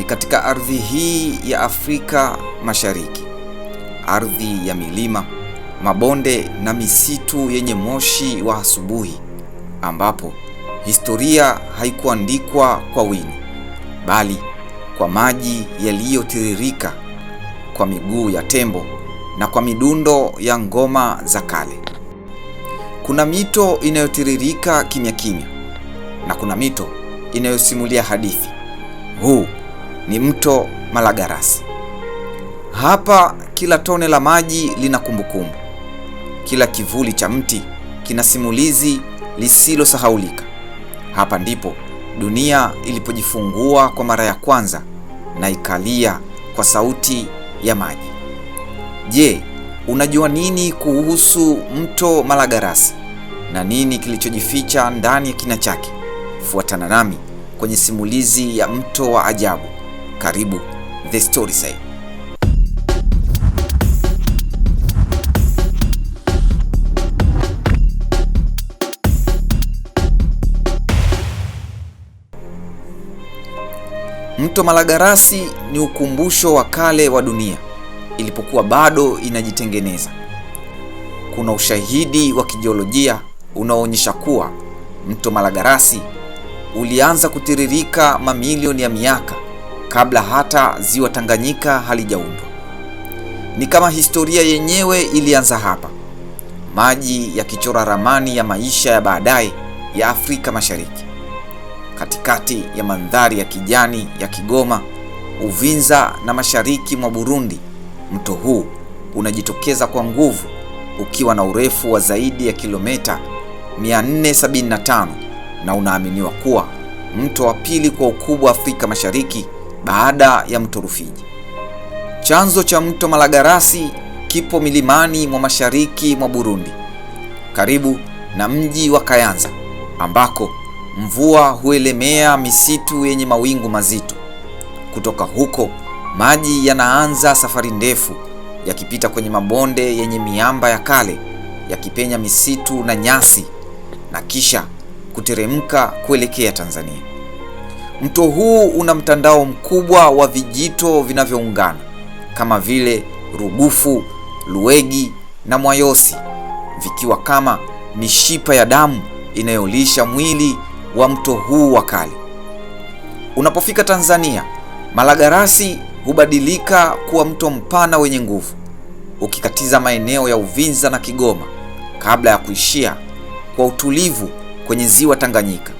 ni katika ardhi hii ya Afrika Mashariki, ardhi ya milima, mabonde na misitu yenye moshi wa asubuhi, ambapo historia haikuandikwa kwa wino, bali kwa maji yaliyotiririka, kwa miguu ya tembo na kwa midundo ya ngoma za kale. Kuna mito inayotiririka kimya kimya na kuna mito inayosimulia hadithi. Huu ni mto Malagarasi. Hapa kila tone la maji lina kumbukumbu, kila kivuli cha mti kina simulizi lisilosahaulika. Hapa ndipo dunia ilipojifungua kwa mara ya kwanza na ikalia kwa sauti ya maji. Je, unajua nini kuhusu mto Malagarasi na nini kilichojificha ndani ya kina chake? Fuatana nami kwenye simulizi ya mto wa ajabu. Karibu The Side. Mto Malagarasi ni ukumbusho wa kale wa dunia ilipokuwa bado inajitengeneza. Kuna ushahidi wa kijiolojia unaoonyesha kuwa mto Malagarasi ulianza kutiririka mamilioni ya miaka kabla hata ziwa Tanganyika halijaundwa. Ni kama historia yenyewe ilianza hapa, maji yakichora ramani ya maisha ya baadaye ya Afrika Mashariki, katikati ya mandhari ya kijani ya Kigoma, Uvinza na mashariki mwa Burundi. Mto huu unajitokeza kwa nguvu ukiwa na urefu wa zaidi ya kilomita 475 na unaaminiwa kuwa mto wa pili kwa ukubwa Afrika Mashariki baada ya mto Rufiji. Chanzo cha mto Malagarasi kipo milimani mwa mashariki mwa Burundi, karibu na mji wa Kayanza ambako mvua huelemea misitu yenye mawingu mazito. Kutoka huko maji yanaanza safari ndefu yakipita kwenye mabonde yenye miamba ya kale, yakipenya misitu na nyasi na kisha kuteremka kuelekea Tanzania. Mto huu una mtandao mkubwa wa vijito vinavyoungana kama vile Rugufu, Luegi na Mwayosi, vikiwa kama mishipa ya damu inayolisha mwili wa mto huu wa kale. Unapofika Tanzania, Malagarasi hubadilika kuwa mto mpana wenye nguvu, ukikatiza maeneo ya Uvinza na Kigoma kabla ya kuishia kwa utulivu kwenye ziwa Tanganyika,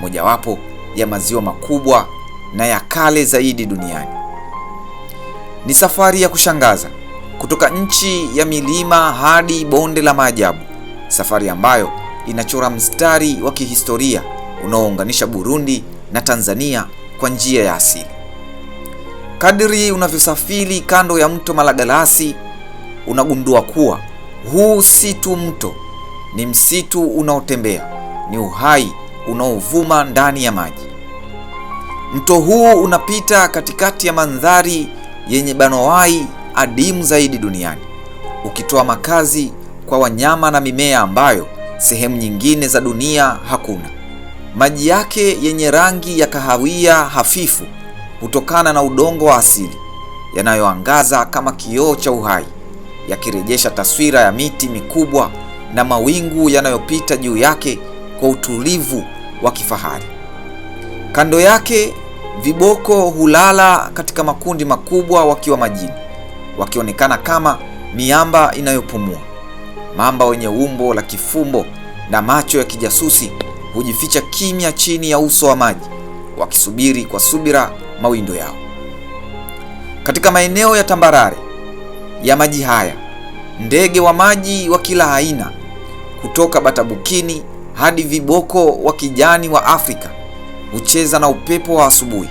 mojawapo ya maziwa makubwa na ya kale zaidi duniani. Ni safari ya kushangaza kutoka nchi ya milima hadi bonde la maajabu, safari ambayo inachora mstari wa kihistoria unaounganisha Burundi na Tanzania kwa njia ya asili. kadri unavyosafiri kando ya mto Malagarasi, unagundua kuwa huu si tu mto, ni msitu unaotembea, ni uhai unaovuma ndani ya maji. Mto huu unapita katikati ya mandhari yenye banowai adimu zaidi duniani, ukitoa makazi kwa wanyama na mimea ambayo sehemu nyingine za dunia hakuna. Maji yake yenye rangi ya kahawia hafifu hutokana na udongo wa asili, yanayoangaza kama kioo cha uhai, yakirejesha taswira ya miti mikubwa na mawingu yanayopita juu yake kwa utulivu wa kifahari. Kando yake viboko hulala katika makundi makubwa wakiwa majini, wakionekana kama miamba inayopumua. Mamba wenye umbo la kifumbo na macho ya kijasusi hujificha kimya chini ya uso wa maji, wakisubiri kwa subira mawindo yao. Katika maeneo ya tambarare ya maji haya, ndege wa maji wa kila aina kutoka batabukini hadi viboko wa kijani wa Afrika hucheza na upepo wa asubuhi,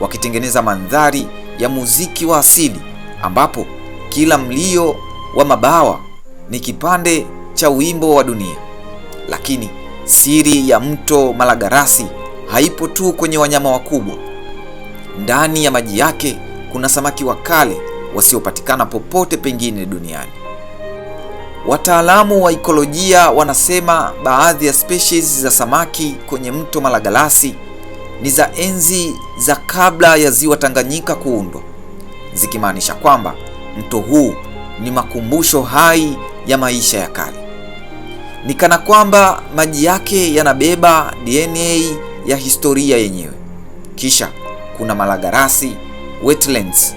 wakitengeneza mandhari ya muziki wa asili, ambapo kila mlio wa mabawa ni kipande cha wimbo wa dunia. Lakini siri ya mto Malagarasi haipo tu kwenye wanyama wakubwa. Ndani ya maji yake kuna samaki wa kale wasiopatikana popote pengine duniani. Wataalamu wa ikolojia wanasema baadhi ya species za samaki kwenye mto Malagarasi ni za enzi za kabla ya ziwa Tanganyika kuundwa, zikimaanisha kwamba mto huu ni makumbusho hai ya maisha ya kale. Ni kana kwamba maji yake yanabeba DNA ya historia yenyewe. Kisha kuna Malagarasi Wetlands.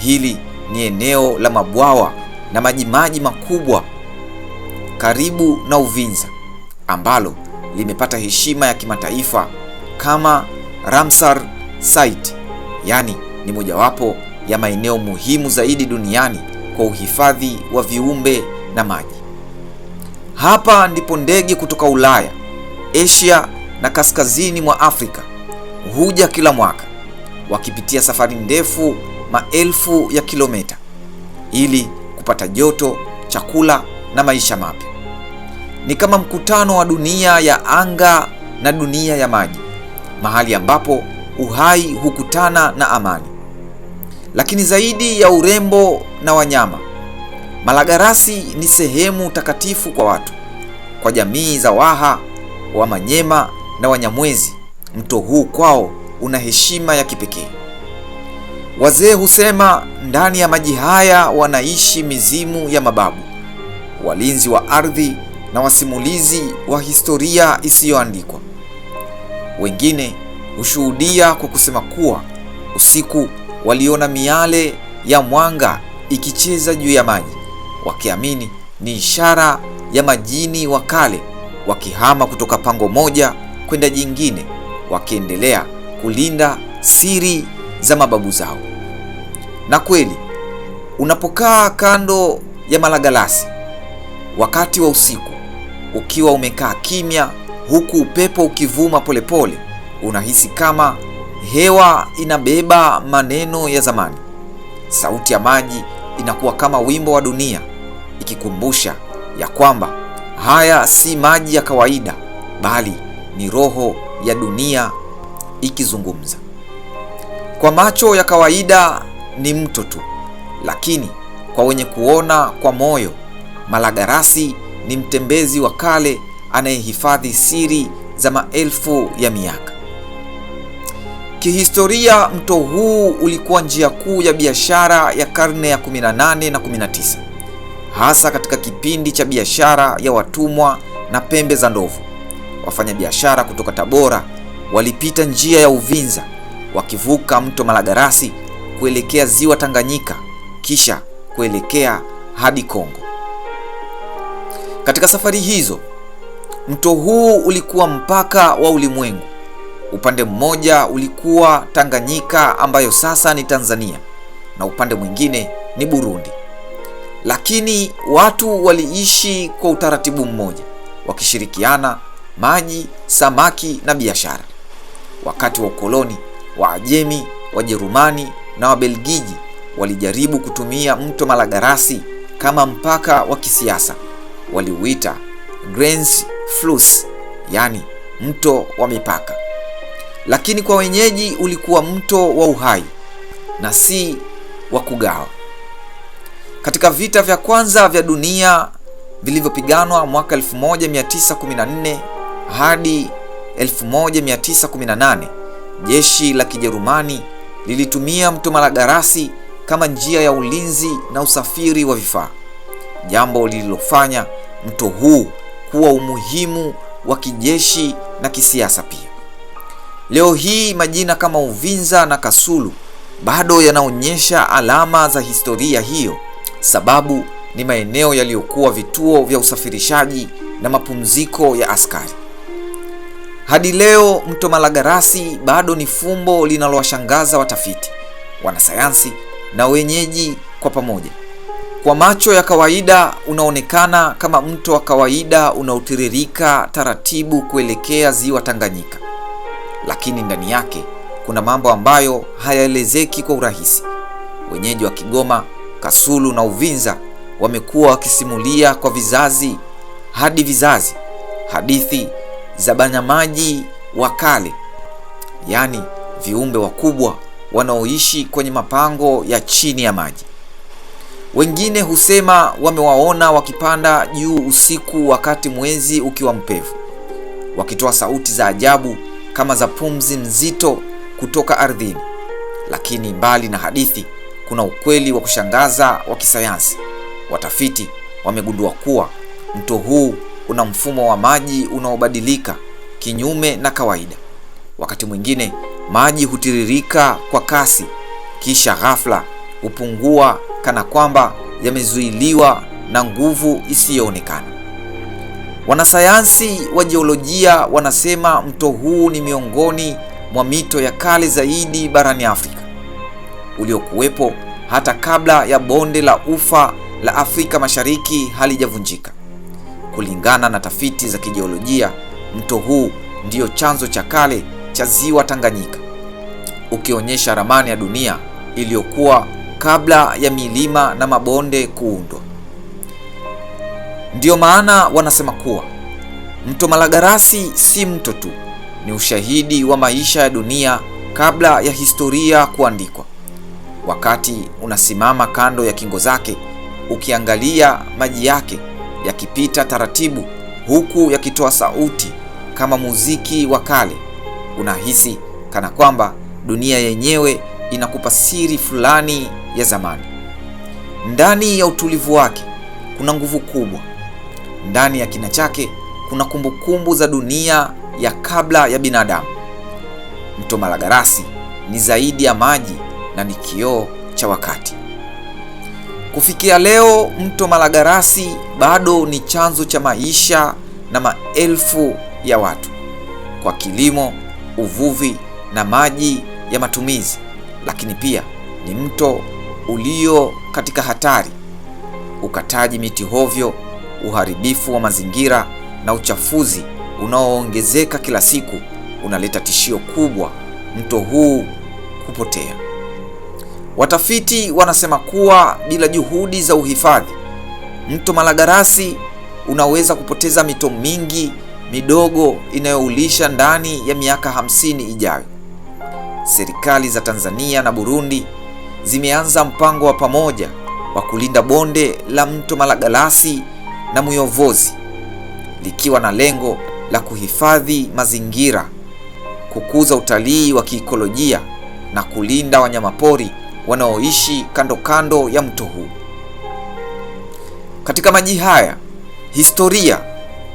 Hili ni eneo la mabwawa na majimaji makubwa karibu na Uvinza ambalo limepata heshima ya kimataifa kama Ramsar Site, yaani ni mojawapo ya maeneo muhimu zaidi duniani kwa uhifadhi wa viumbe na maji. Hapa ndipo ndege kutoka Ulaya, Asia na kaskazini mwa Afrika huja kila mwaka wakipitia safari ndefu maelfu ya kilomita ili kupata joto, chakula na maisha mapya. Ni kama mkutano wa dunia ya anga na dunia ya maji, mahali ambapo uhai hukutana na amani. Lakini zaidi ya urembo na wanyama, Malagarasi ni sehemu takatifu kwa watu, kwa jamii za Waha, Wamanyema na Wanyamwezi. Mto huu kwao una heshima ya kipekee. Wazee husema ndani ya maji haya wanaishi mizimu ya mababu walinzi wa ardhi na wasimulizi wa historia isiyoandikwa. Wengine hushuhudia kwa kusema kuwa usiku waliona miale ya mwanga ikicheza juu ya maji, wakiamini ni ishara ya majini wa kale wakihama kutoka pango moja kwenda jingine, wakiendelea kulinda siri za mababu zao. Na kweli unapokaa kando ya malagalasi Wakati wa usiku ukiwa umekaa kimya, huku upepo ukivuma polepole pole, unahisi kama hewa inabeba maneno ya zamani. Sauti ya maji inakuwa kama wimbo wa dunia, ikikumbusha ya kwamba haya si maji ya kawaida, bali ni roho ya dunia ikizungumza. Kwa macho ya kawaida ni mto tu, lakini kwa wenye kuona kwa moyo Malagarasi ni mtembezi wa kale anayehifadhi siri za maelfu ya miaka. Kihistoria, mto huu ulikuwa njia kuu ya biashara ya karne ya 18 na 19, hasa katika kipindi cha biashara ya watumwa na pembe za ndovu. Wafanyabiashara kutoka Tabora walipita njia ya Uvinza wakivuka mto Malagarasi kuelekea ziwa Tanganyika kisha kuelekea hadi Kongo. Katika safari hizo, mto huu ulikuwa mpaka wa ulimwengu. Upande mmoja ulikuwa Tanganyika ambayo sasa ni Tanzania na upande mwingine ni Burundi. Lakini watu waliishi kwa utaratibu mmoja, wakishirikiana maji, samaki na biashara. Wakati wa ukoloni, Waajemi, Wajerumani na Wabelgiji walijaribu kutumia mto Malagarasi kama mpaka wa kisiasa waliuita Grands Flus, yani mto wa mipaka, lakini kwa wenyeji ulikuwa mto wa uhai na si wa kugawa. Katika vita vya kwanza vya dunia vilivyopiganwa mwaka 1914 hadi 1918, jeshi la Kijerumani lilitumia mto Malagarasi kama njia ya ulinzi na usafiri wa vifaa jambo lililofanya mto huu kuwa umuhimu wa kijeshi na kisiasa pia. Leo hii majina kama Uvinza na Kasulu bado yanaonyesha alama za historia hiyo, sababu ni maeneo yaliyokuwa vituo vya usafirishaji na mapumziko ya askari. Hadi leo mto Malagarasi bado ni fumbo linalowashangaza watafiti, wanasayansi na wenyeji kwa pamoja. Kwa macho ya kawaida unaonekana kama mto wa kawaida unaotiririka taratibu kuelekea ziwa Tanganyika, lakini ndani yake kuna mambo ambayo hayaelezeki kwa urahisi. Wenyeji wa Kigoma, Kasulu na Uvinza wamekuwa wakisimulia kwa vizazi hadi vizazi hadithi za banyamaji wa kale, yaani viumbe wakubwa wanaoishi kwenye mapango ya chini ya maji. Wengine husema wamewaona wakipanda juu usiku wakati mwezi ukiwa mpevu, wakitoa sauti za ajabu kama za pumzi nzito kutoka ardhini. Lakini mbali na hadithi, kuna ukweli wa kushangaza wa kisayansi. Watafiti wamegundua kuwa mto huu una mfumo wa maji unaobadilika kinyume na kawaida. Wakati mwingine maji hutiririka kwa kasi, kisha ghafla hupungua kana kwamba yamezuiliwa na nguvu isiyoonekana. Wanasayansi wa jiolojia wanasema mto huu ni miongoni mwa mito ya kale zaidi barani Afrika, uliokuwepo hata kabla ya bonde la ufa la Afrika Mashariki halijavunjika. Kulingana na tafiti za kijiolojia, mto huu ndiyo chanzo cha kale cha ziwa Tanganyika, ukionyesha ramani ya dunia iliyokuwa kabla ya milima na mabonde kuundwa. Ndiyo maana wanasema kuwa mto Malagarasi si mto tu, ni ushahidi wa maisha ya dunia kabla ya historia kuandikwa. Wakati unasimama kando ya kingo zake, ukiangalia maji yake yakipita taratibu, huku yakitoa sauti kama muziki wa kale, unahisi kana kwamba dunia yenyewe inakupa siri fulani ya zamani. Ndani ya utulivu wake kuna nguvu kubwa. Ndani ya kina chake kuna kumbukumbu za dunia ya kabla ya binadamu. Mto Malagarasi ni zaidi ya maji na ni kioo cha wakati. Kufikia leo, Mto Malagarasi bado ni chanzo cha maisha na maelfu ya watu kwa kilimo, uvuvi na maji ya matumizi, lakini pia ni mto ulio katika hatari, ukataji miti hovyo, uharibifu wa mazingira na uchafuzi unaoongezeka kila siku unaleta tishio kubwa mto huu kupotea. Watafiti wanasema kuwa bila juhudi za uhifadhi, mto Malagarasi unaweza kupoteza mito mingi midogo inayoulisha ndani ya miaka hamsini ijayo. Serikali za Tanzania na Burundi zimeanza mpango wa pamoja wa kulinda bonde la mto Malagarasi na muyovozi likiwa na lengo la kuhifadhi mazingira, kukuza utalii wa kiikolojia na kulinda wanyamapori wanaoishi kando kando ya mto huu. Katika maji haya, historia,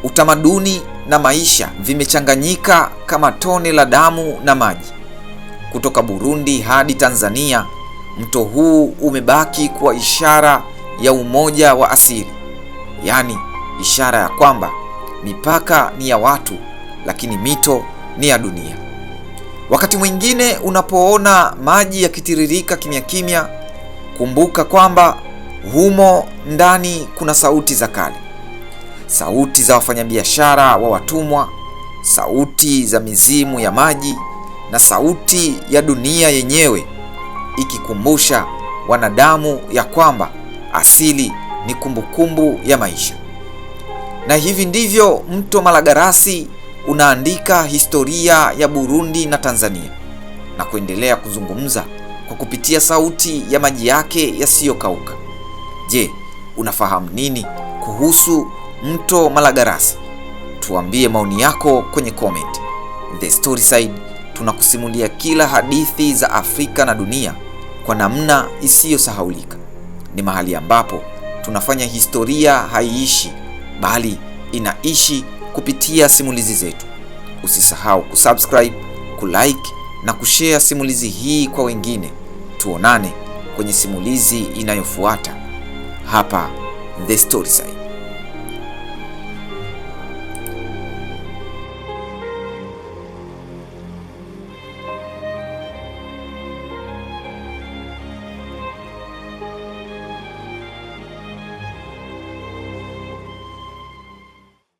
utamaduni na maisha vimechanganyika kama tone la damu na maji. Kutoka Burundi hadi Tanzania mto huu umebaki kuwa ishara ya umoja wa asili, yaani ishara ya kwamba mipaka ni ya watu, lakini mito ni ya dunia. Wakati mwingine unapoona maji yakitiririka kimya kimya, kumbuka kwamba humo ndani kuna sauti za kale, sauti za wafanyabiashara wa watumwa, sauti za mizimu ya maji na sauti ya dunia yenyewe ikikumbusha wanadamu ya kwamba asili ni kumbukumbu kumbu ya maisha. Na hivi ndivyo mto Malagarasi unaandika historia ya Burundi na Tanzania na kuendelea kuzungumza kwa kupitia sauti ya maji yake yasiyokauka. Je, unafahamu nini kuhusu mto Malagarasi? Tuambie maoni yako kwenye comment. The Storyside tunakusimulia kila hadithi za Afrika na dunia kwa namna isiyosahaulika. Ni mahali ambapo tunafanya historia haiishi, bali inaishi kupitia simulizi zetu. Usisahau kusubscribe, kulike na kushare simulizi hii kwa wengine. Tuonane kwenye simulizi inayofuata hapa The Storyside.